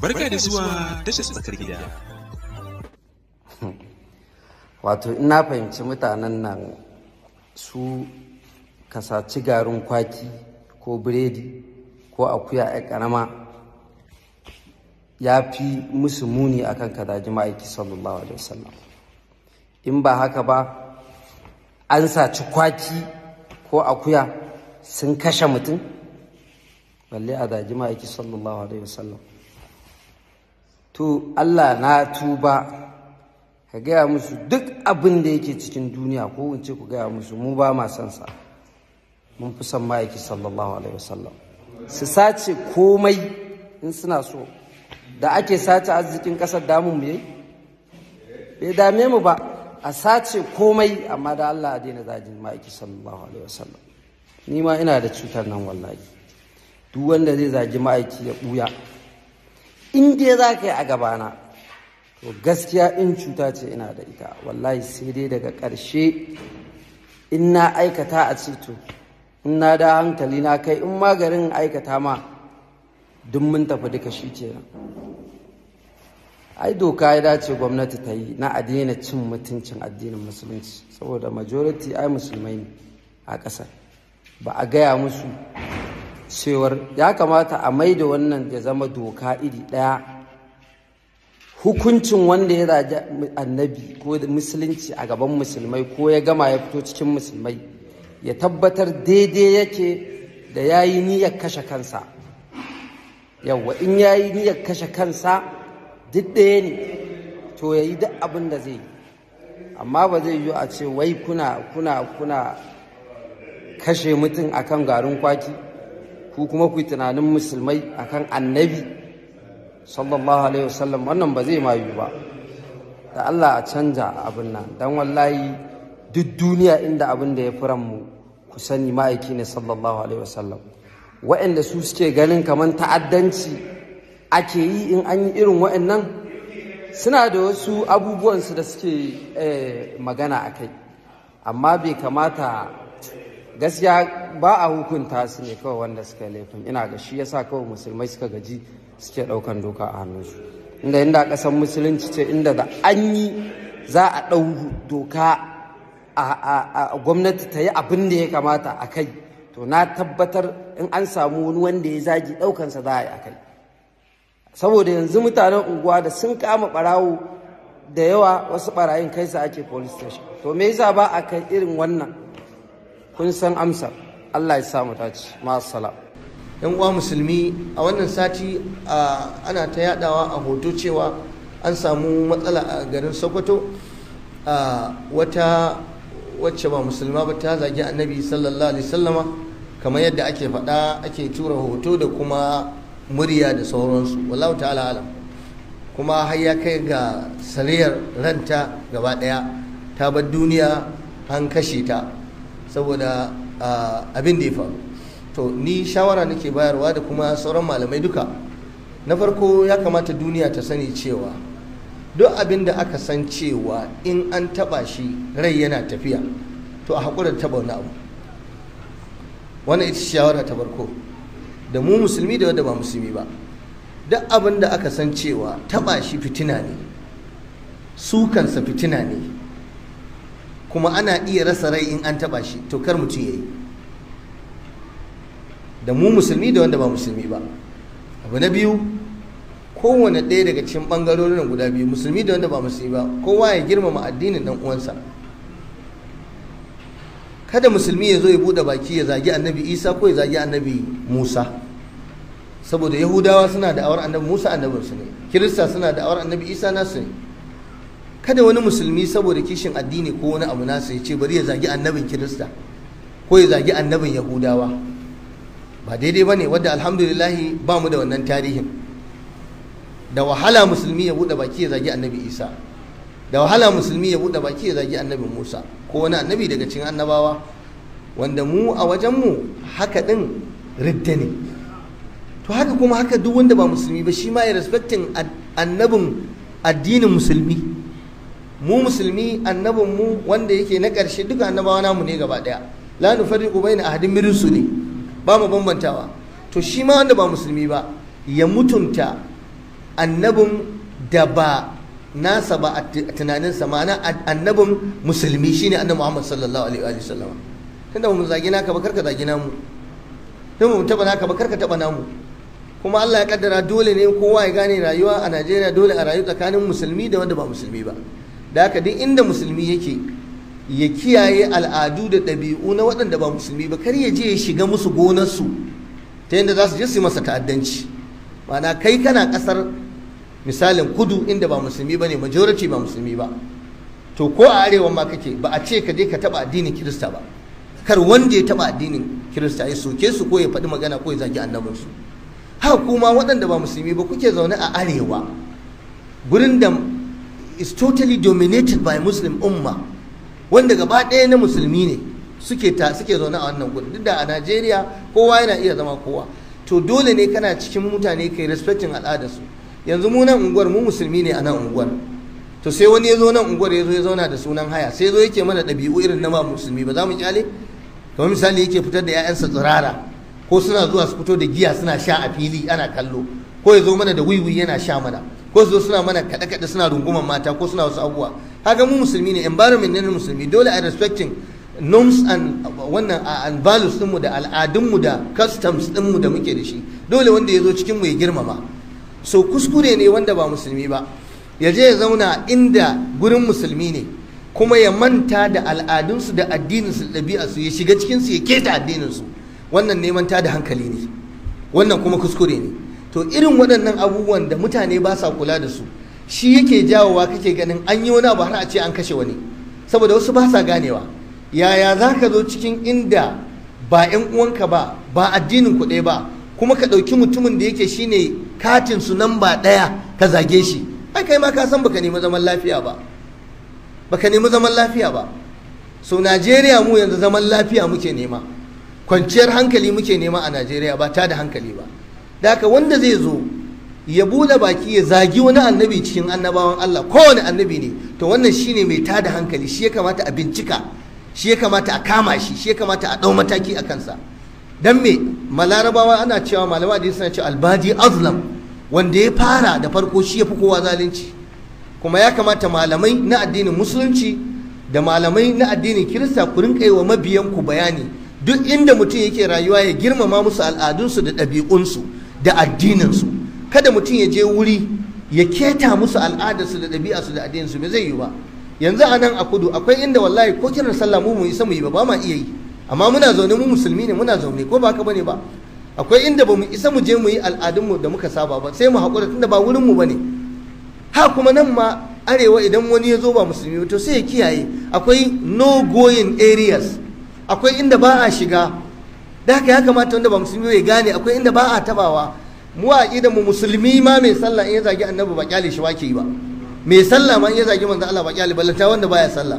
barka da zuwa tashar tsakar gida hmm. wato ina fahimci mutanen nan su kasaci garin kwaki ko biredi ko akuya a karama ya fi musu muni a akan kadaji ma'aiki sallallahu alaihi wasallam in ba haka ba an saci kwaki ko akuya sun kashe mutum balle a daji ma'aiki sallallahu alaihi wasallam to Allah na tuba ka gaya musu duk abin da yake cikin duniya ko ku gaya musu mu ba ma san sa mun fi son ma'aiki sallallahu alaihi wasallam su sace komai in suna so da ake sace arzikin kasar damun mu yayi bai dame mu ba a sace komai amma da Allah a daina zajin ma'aiki sallallahu alaihi wasallam ni ma ina da cutar nan wallahi duk wanda zai zagi ma'aiki ya buya in dai za ka yi a gabana to gaskiya in cuta ce ina da ita wallahi sai dai daga ƙarshe in na aikata a ceto in na da hankali na kai in ma garin aikata ma duk mun tafi duka shi ce ai doka ya dace gwamnati ta yi na adina cin mutuncin addinin musulunci saboda majority ai musulmai a ƙasar ba a gaya musu cewar ya kamata a maida wannan ya zama doka iri ɗaya hukuncin wanda ya raja annabi ko musulunci a gaban musulmai ko ya gama ya fito cikin musulmai ya tabbatar daidai yake da ya yi niyyar kashe kansa yawwa in ya yi niyyar kashe kansa duk ɗaya ne to ya yi duk abin da zai amma ba zai yi a ce wai kuna kuna kuna kashe mutum akan garin kwaki ku kuma ku yi tunanin musulmai akan annabi sallallahu alaihi wasallam wannan ba zai mayu ba da Allah a canja abin nan dan wallahi duk duniya inda abin da ya furan mu ku sani ma'aiki ne sallallahu alaihi wasallam wa'anda su suke ganin kamar ta'addanci ake yi in an yi irin wa'annan suna da wasu abubuwansu da suke eh, magana a kai amma bai kamata gaskiya ba a hukunta su ne kawai wanda suka laifin ina ga shi yasa kawai musulmai suka gaji suke ɗaukan doka a hannunsu inda inda kasan musulunci ce inda da an yi za a dau doka a gwamnati ta yi abin da ya kamata a kai to na tabbatar in an samu wani wanda ya zagi ɗaukansa za a yi a kai saboda yanzu mutanen unguwa da sun kama barawo da yawa wasu barayin kai su ake police station to me yasa ba a kai irin wannan kun san amsa Allah ya samu dace masala yan uwa musulmi a wannan sati ana ta yadawa a hoto cewa an samu matsala a garin sokoto wata wacce ba musulma ba ta zagi annabi sallallahu alaihi sallama kamar yadda ake faɗa ake tura hoto da kuma murya da sauransu wallahu ta'ala alam kuma har ya kai ga saliyar ranta gaba ɗaya ta bar duniya an kashe ta saboda abin da ya faru to ni shawara nake bayarwa da kuma sauran malamai duka na farko ya kamata duniya ta sani cewa duk abin da aka san cewa in an taba shi rai yana tafiya to a haƙura da taba wani abu wannan ita shawara ta farko da mu musulmi da wanda ba musulmi ba duk abin da aka san cewa taba shi fitina ne sukansa fitina ne kuma ana iya rasa rai in an taba shi to kar mutum ya yi da mu musulmi da wanda ba musulmi ba abu na biyu kowane ɗaya daga cikin ɓangarorin guda biyu musulmi da wanda ba musulmi ba kowa ya girmama addinin dan uwansa kada musulmi ya zo ya buɗe baki ya zagi annabi isa ko ya zagi annabi musa saboda yahudawa suna da awar annabi musa annabinsu ne kirista suna da awar annabi isa nasu ne kada wani musulmi saboda kishin addini ko wani abu nasa ya ce bari ya zagi annabin kirista ko ya zagi annabin yahudawa ba daidai ba ne wadda alhamdulillahi ba mu da wannan tarihin da wahala musulmi ya buɗe baki ya zagi annabi isa da wahala musulmi ya buɗe baki ya zagi annabi musa ko wani annabi daga cikin annabawa wanda mu a wajenmu haka ɗin ridda ne to haka kuma haka duk wanda ba musulmi ba shi ma ya respectin annabin addinin musulmi mu musulmi annabin mu wanda yake na ƙarshe duka annabawa namu ne gaba ɗaya la nufarriqu bayna ahadin min rusuli ba mu bambantawa to shi ma wanda ba musulmi ba ya mutunta annabin da ba nasa ba a tunaninsa ma'ana annabin musulmi shine annabi Muhammad sallallahu alaihi wa sallam tunda mu zagi naka ba karka zagi namu tunda mu taba naka ba karka taba namu kuma Allah ya kaddara dole ne kowa ya gane rayuwa a Najeriya dole a rayu tsakanin musulmi da wanda ba musulmi ba da haka duk inda musulmi yake ya kiyaye al'adu da ɗabi'u na waɗanda ba musulmi ba kar ya je ya shiga musu gonarsu ta yadda za su je su masa ta'addanci ma'ana kai kana ƙasar misalin kudu inda ba musulmi ba ne majority ba musulmi ba to ko a arewa ma kake ba a ce ka je ka taɓa addinin kirista ba kar wanda ya taɓa addinin kirista ya soke su ko ya faɗi magana ko ya zagi annabinsu haka kuma waɗanda ba musulmi ba kuke zaune a arewa gurin da is totally dominated by muslim umma wanda gaba ɗaya na musulmi ne suke ta suke zaune a wannan gudu duk da a najeriya kowa yana iya zama kowa to dole ne kana cikin mutane kai respecting su yanzu mu nan unguwar mu musulmi ne a nan unguwar to sai wani ya zo nan unguwar ya zo ya zauna da sunan haya sai zo yake mana ɗabi'u irin na ba musulmi ba za mu kyale kamar misali yake fitar da 'ya'yansa tsirara ko suna zuwa su fito da giya suna sha a fili ana kallo ko ya zo mana da wiwi yana sha mana ko su zo suna mana kaɗe-kaɗe suna runguman mata ko suna wasu abubuwa haka mu musulmi ne environment ne na musulmi dole a respecting norms and uh, wannan uh, and values mu da al'adunmu da customs mu da muke da shi dole wanda ya zo cikin mu ya girmama so kuskure ne wanda ba musulmi ba ya je ya zauna inda gurin musulmi ne kuma ya manta da al'adunsu da addinin su da su ya shiga cikinsu ya keta su. wannan neman ta da hankali ne wannan kuma kuskure ne to irin waɗannan abubuwan da mutane ba sa kula da su shi yake jawowa kake ganin an yi wani abu har a ce an kashe wani saboda wasu ba sa ganewa yaya za ka zo cikin inda ba 'yan uwanka ba ba addinin ku ɗaya ba kuma ka ɗauki mutumin da yake shine katin su nan ba ɗaya ka zage shi ai kai ma ka san baka nemi zaman lafiya ba baka nemi zaman lafiya ba so Najeriya mu yanzu zaman lafiya muke nema kwanciyar hankali muke nema a Najeriya ba ta da hankali ba da haka wanda zai zo ya bude baki ya zagi wani annabi cikin annabawan Allah kowane annabi ne to wannan shine mai tada hankali shi ya kamata a bincika shi ya kamata a kama shi shi ya kamata a ɗau mataki a kansa dan me malarabawa ana cewa malama hadisi suna cewa albadi azlam wanda ya fara da farko shi ya fi kowa zalunci kuma ya kamata malamai na addinin musulunci da malamai na addinin kirista ku rinka yi wa mabiyanku bayani duk inda mutum yake rayuwa ya girmama musu al'adunsu da ɗabi'unsu da addininsu kada mutum ya je wuri ya keta musu al'adarsu da ɗabi'arsu da addininsu ba zai yi ba yanzu a nan a kudu akwai inda wallahi ko kiran sallah mu mu isa mu yi ba ba ma iya yi amma muna zaune mu musulmi ne muna zaune ko ba ka bane ba akwai inda ba mu isa mu je mu yi al'adunmu da muka saba ba sai mu haƙura tunda ba wurinmu ba ne ha kuma nan ma arewa idan wani ya zo ba musulmi to sai ya kiyaye akwai no going areas akwai inda ba a shiga da haka ya kamata wanda ba musulmi ya gane akwai inda ba a tabawa mu a da mu musulmi ma mai sallah in ya zagi annabi ba kyale shi wake ba mai sallah ma in ya zagi manzo Allah ba kyale ballanta wanda baya sallah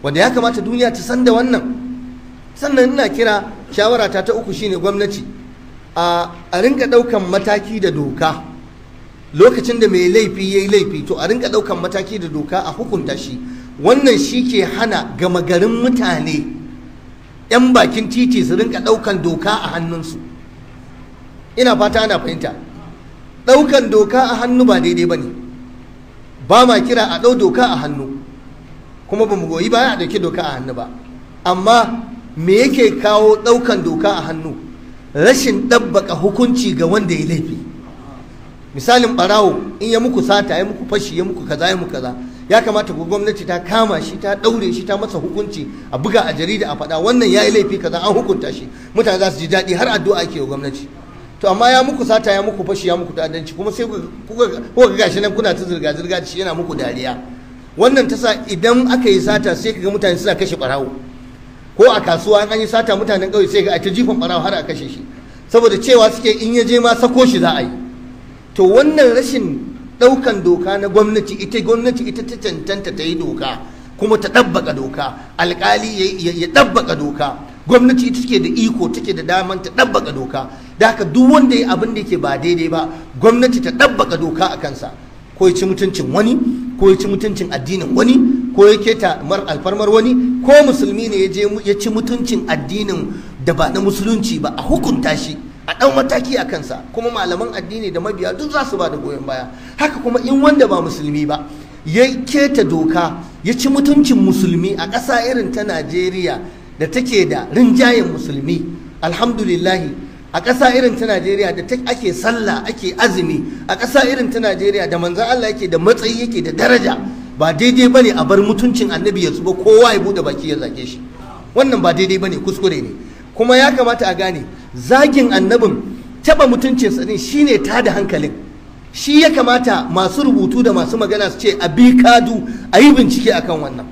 wanda ya kamata duniya ta san da wannan sannan ina kira shawara ta ta uku shine gwamnati a rinka ɗaukan mataki da doka lokacin da mai laifi yayi laifi to a rinka ɗaukan mataki da doka a hukunta shi wannan shi ke hana gama garin mutane 'yan bakin titi su rinka ɗaukan doka a hannunsu ina fata ana fahimta ɗaukan doka a hannu ba daidai ba ne ba ma kira a ɗau doka a hannu kuma ba mu goyi ba a ɗauki doka a hannu ba amma me yake kawo ɗaukan doka a hannu rashin ɗabbaka hukunci ga wanda ya laifi misalin ɓarawo in ya muku sata ya muku fashi ya muku kaza ya muku kaza ya kamata ku gwamnati ta kama shi ta daure shi ta masa hukunci a buga a jarida a faɗa wannan ya yi laifi kaza an hukunta shi mutane za su ji daɗi har addu'a ake wa gwamnati to amma ya muku sata ya muku fashi ya muku ta'addanci kuma sai ku ga gashi nan kuna ta zirga zirga da shi yana muku dariya wannan tasa idan aka yi sata sai kaga mutane suna kashe barawo ko a kasuwa an yi sata mutanen ƙauye sai ga a ta jifan barawo har a kashe shi saboda cewa suke in ya je ma sako shi za a yi to wannan rashin Daukan doka na gwamnati ita gwamnati ita ta cancanta ta yi doka kuma ta ɗabbaka doka alkali ya ɗabbaka doka gwamnati ita take da iko take da daman ta ɗabbaka doka da haka duk wanda ya abin da ke ba daidai ba gwamnati ta ɗabbaka doka a kansa ko ya ci mutuncin wani ko ya ci mutuncin addinin wani ko ya keta alfarmar wani ko musulmi ne ya ci mutuncin addinin da ba na musulunci ba a hukunta shi a ɗan mataki a kansa kuma malaman addini da mabiya duk za su ba da goyon baya haka kuma in wanda ba musulmi ba ya keta doka ya ci mutuncin musulmi a ƙasa irin ta najeriya da take da rinjayen musulmi alhamdulillahi a ƙasa irin ta najeriya da ake sallah ake azumi a ƙasa irin ta najeriya da manzan allah yake da matsayi yake da daraja ba daidai bane a bar mutuncin annabi ya tsuba kowa ya buɗe baki ya zage shi wannan ba daidai bane kuskure ne kuma ya kamata a gane zagin annabin taba mutuncinsa din shine ta da hankalin shi ya kamata masu rubutu da masu magana su ce a bi kadu a yi bincike akan wannan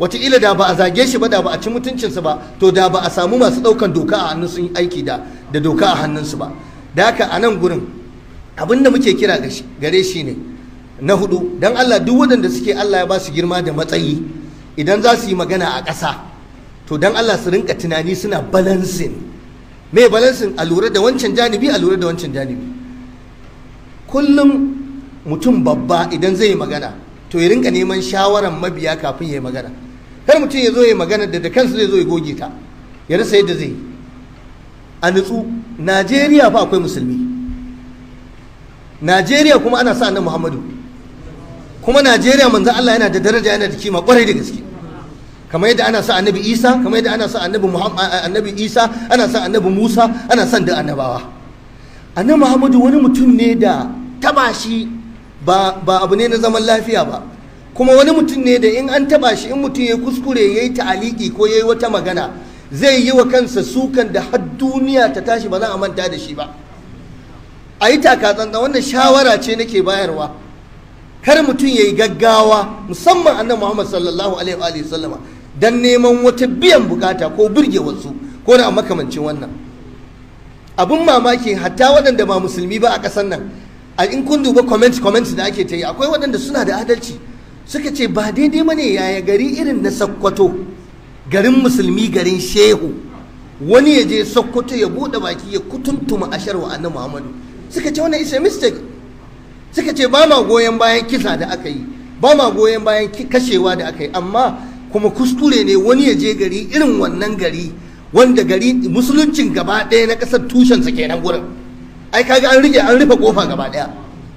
wataƙila da ba a zage shi ba da ba a ci mutuncinsa ba to da ba a samu masu ɗaukan doka a hannun sun yi aiki da da doka a hannunsu ba da haka a nan gurin abin da muke kira gare shi ne na hudu don allah duk waɗanda suke allah ya ba su girma da matsayi idan za su yi magana a ƙasa to don allah su rinka tunani suna balancing Mai balansin a lura da wancan janibi a lura da wancan janibi kullum mutum babba idan zai yi magana to ya rinka neman shawaran mabiya kafin ya yi magana kar mutum ya zo ya yi magana da da kansa zai zo ya goge ta ya rasa yadda zai a nutsu najeriya fa akwai musulmi najeriya kuma ana sa annabi muhammadu kuma najeriya manzo allah yana da daraja yana da kima kwarai da gaske kamar yadda ana sa annabi isa kamar yadda ana sa annabi annabi isa ana sa annabi musa ana san da annabawa annabi muhammadu wani mutum ne da taba shi ba abu ne na zaman lafiya ba kuma wani mutum ne da in an taba shi in mutum ya kuskure ya yi ta'aliki ko ya yi wata magana zai yi wa kansa sukan da har duniya ta tashi ba za a manta da shi ba a yi takatsantsan wannan shawara ce nake bayarwa kar mutum ya yi gaggawa musamman annabi muhammad sallallahu alaihi wa sallama don neman wata biyan bukata ko birge wasu ko na makamancin wannan abin mamaki hatta waɗanda ba musulmi ba a ƙasar nan a in kun duba comment comment da ake ta yi akwai waɗanda suna da adalci suka ce ba daidai mane yaya gari irin na sakkwato garin musulmi garin shehu wani ya je sakkwato ya buɗe baki ya kutuntuma ashar wa annabi muhammadu suka ce wannan is a mistake suka ce ba ma goyon bayan kisa da aka yi ba ma goyon bayan kashewa da aka yi amma kuma kuskure ne wani ya je gari irin wannan gari wanda gari musuluncin gaba ɗaya na ƙasar tushensa kenan gurin ai kaga an rike an rufe kofa gaba ɗaya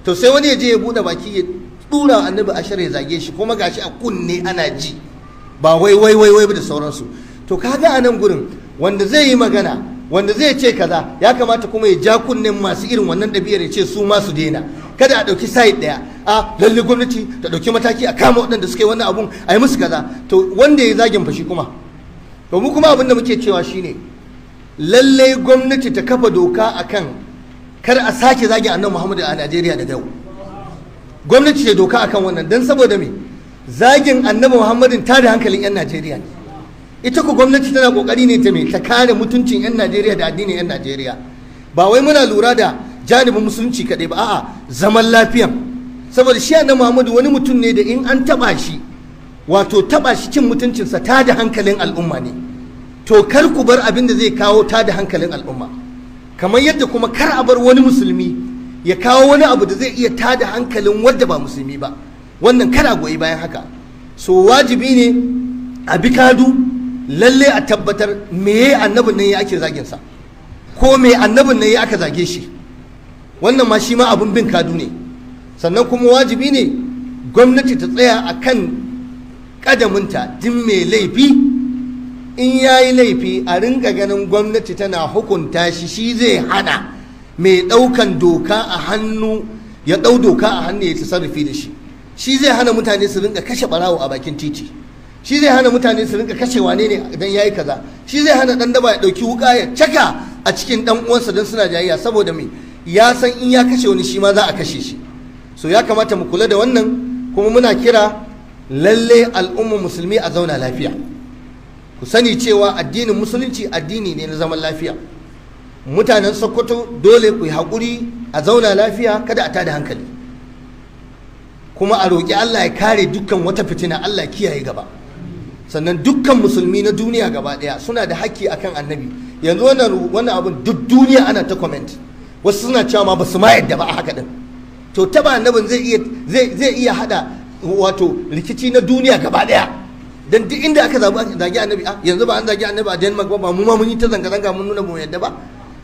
to sai wani ya je ya buɗe baki ya wa annabi ashar ya zage shi kuma gashi a kunne ana ji ba wai wai wai wai da sauransu to kaga a nan gurin wanda zai yi magana wanda zai ce kaza ya kamata kuma ya ja kunnen masu irin wannan ɗabi'ar ya ce su ma su daina kada a ɗauki side ɗaya a lalle gwamnati ta ɗauki mataki a kama waɗanda suka yi wannan abun a yi musu kaza to wanda ya zagin fashi kuma to mu kuma abin da muke cewa shine lalle gwamnati ta kafa doka akan kar a sake zagin annabi Muhammadu a Najeriya da yau gwamnati ta doka akan wannan dan saboda me zagin annabi Muhammadin ta da hankalin yan Najeriya ne ita ku gwamnati tana kokari ne ta me ta kare mutuncin yan Najeriya da addinin yan Najeriya ba wai muna lura da janibin musulunci kadai ba a'a zaman lafiyan saboda shi na Muhammadu wani mutum ne da in an taba shi wato taba shi cin mutuncinsa ta da hankalin al'umma ne to kar ku bar abin da zai kawo ta da hankalin al'umma kamar yadda kuma kar a bar wani musulmi ya kawo wani abu da zai iya ta da hankalin wadda ba musulmi ba wannan kar a goyi bayan haka so wajibi ne a bi kadu lalle a tabbatar me ya annabin nan ya ake zagin sa ko me annabin nan ya aka zage shi wannan ma shi ma abin bin kadu ne sannan kuma wajibi ne gwamnati ta tsaya a kan ƙadaminta din mai laifi in ya yi laifi a ringa ganin gwamnati tana hukunta shi shi zai hana mai ɗaukan doka a hannu ya ɗau doka a hannu ya sarrafi da shi shi zai hana mutane su rinka kashe ɓarawo a bakin titi shi zai hana mutane su rinka kashe wane ne idan ya yi kaza shi zai hana ɗan daba ya ɗauki wuƙa ya caka a cikin ɗan uwansa don suna jayayya saboda mai ya san in ya kashe wani shi ma za a kashe shi so ya kamata mu kula da wannan kuma muna kira lalle al'ummar musulmi a zauna lafiya ku sani cewa addinin musulunci addini ne na zaman lafiya mutanen sokoto dole ku yi haƙuri a zauna lafiya kada a tada hankali kuma a roƙi allah ya kare dukkan wata fitina allah kiyaye gaba sannan dukkan musulmi na duniya gaba ɗaya suna da haƙƙi akan annabi yanzu wannan abin duk duniya ana ta comment wasu suna cewa ma ba su ma yadda ba a haka ɗin to taba annabin zai iya zai iya hada wato rikici na duniya gaba daya dan duk inda aka zabi zagi annabi a yanzu ba an zagi annabi a Denmark ba mu ma mun yi ta zanga zanga mun nuna mu yadda ba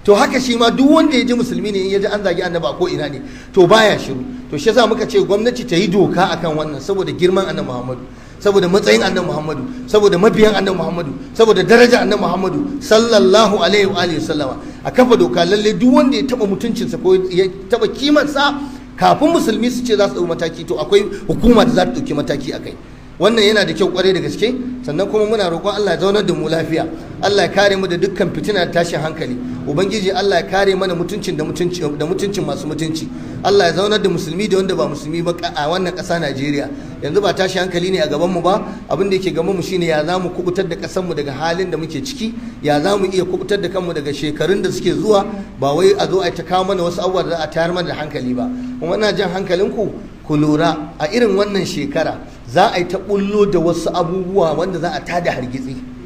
to haka shi ma duk wanda ya ji musulmi ne ya ji an zagi annaba ko ina ne to baya shiru to shi yasa muka ce gwamnati ta yi doka akan wannan saboda girman annabi Muhammadu saboda matsayin annabi Muhammadu saboda mabiyan annabi Muhammadu saboda daraja annabi Muhammadu sallallahu alaihi wa alihi wasallama a kafa doka lalle duk wanda ya taba mutuncinsa ko ya taba kimansa kafin musulmi su ce za su ɗau mataki to akwai hukuma da za ta ɗauki mataki a kai wannan yana da kyau kwarai da gaske sannan kuma muna roƙon Allah ya zaunar da mu lafiya Allah ya kare mu da dukkan fitina da tashin hankali ubangiji Allah ya kare mana mutuncin da mutuncin da mutuncin masu mutunci Allah ya zaunar da musulmi da wanda ba musulmi ba a wannan ƙasa Najeriya yanzu ba tashin hankali ne a gaban mu ba abin da yake gaban mu shine ya zamu kubutar da ƙasar mu daga halin da muke ciki ya zamu iya kubutar da kanmu daga shekarun da suke zuwa ba wai a zo a ta kawo mana wasu abubuwa da za a tayar mana da hankali ba kuma ina jan hankalinku ku lura a irin wannan shekara za a yi ta bullo da wasu abubuwa wanda za a tada hargitsi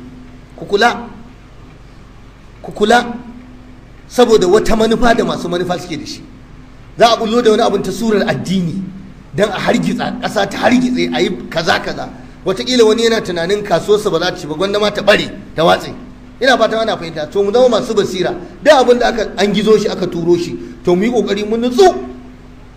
kukula kula saboda wata manufa da masu manufa suke da shi za a bullo da wani abin ta surar addini don a hargitsa ƙasa ta hargitse a yi kaza kaza wataƙila wani yana tunanin kasuwarsa ba za ta ci ba gwanda ma ta bare ta watse ina fata ana fahimta to mu zama masu basira da abin da aka an gizo shi aka turo shi to mu yi ƙoƙari mu nutsu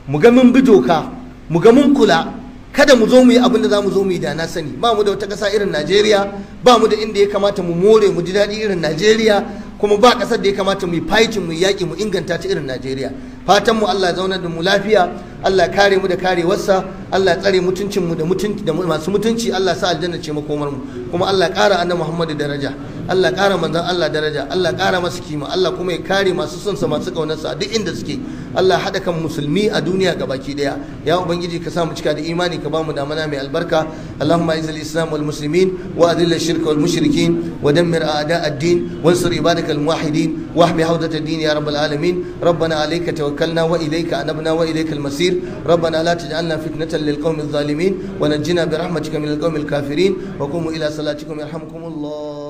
mu ga mun bi doka mu ga mun kula kada mu zo mu yi abin da za mu zo mu yi da na sani ba mu da wata ƙasa irin najeriya ba mu da inda ya kamata mu more mu ji daɗi irin najeriya kuma ba ƙasar da ya kamata mu yi fighting mu yi yaƙi mu inganta ta irin najeriya fatan mu allah zaunar da mu lafiya allah kare mu da karewarsa allah tsare mutuncin mu da da masu mutunci allah sa aljanna ce makomar mu kuma allah ƙara annabi muhammadu daraja Allah ƙara manzan Allah daraja Allah ƙara masa kima Allah kuma ya kare masu son sa masu ƙaunarsa a duk inda suke Allah haɗa kan musulmi a duniya gabaki daya ya ubangiji ka sa mu cika da imani ka ba mu damana mai albarka Allahumma izil islam wal muslimin wa adil shirka wal mushrikin wa dammir a'da ad-din wansur ibadak al muwahhidin wa ahmi hawdat ad-din ya rabbal alamin ربنا عليك توكلنا واليك انبنا واليك المصير ربنا لا تجعلنا فتنة bi الظالمين ونجنا برحمتك من القوم الكافرين وقوموا الى صلاتكم يرحمكم الله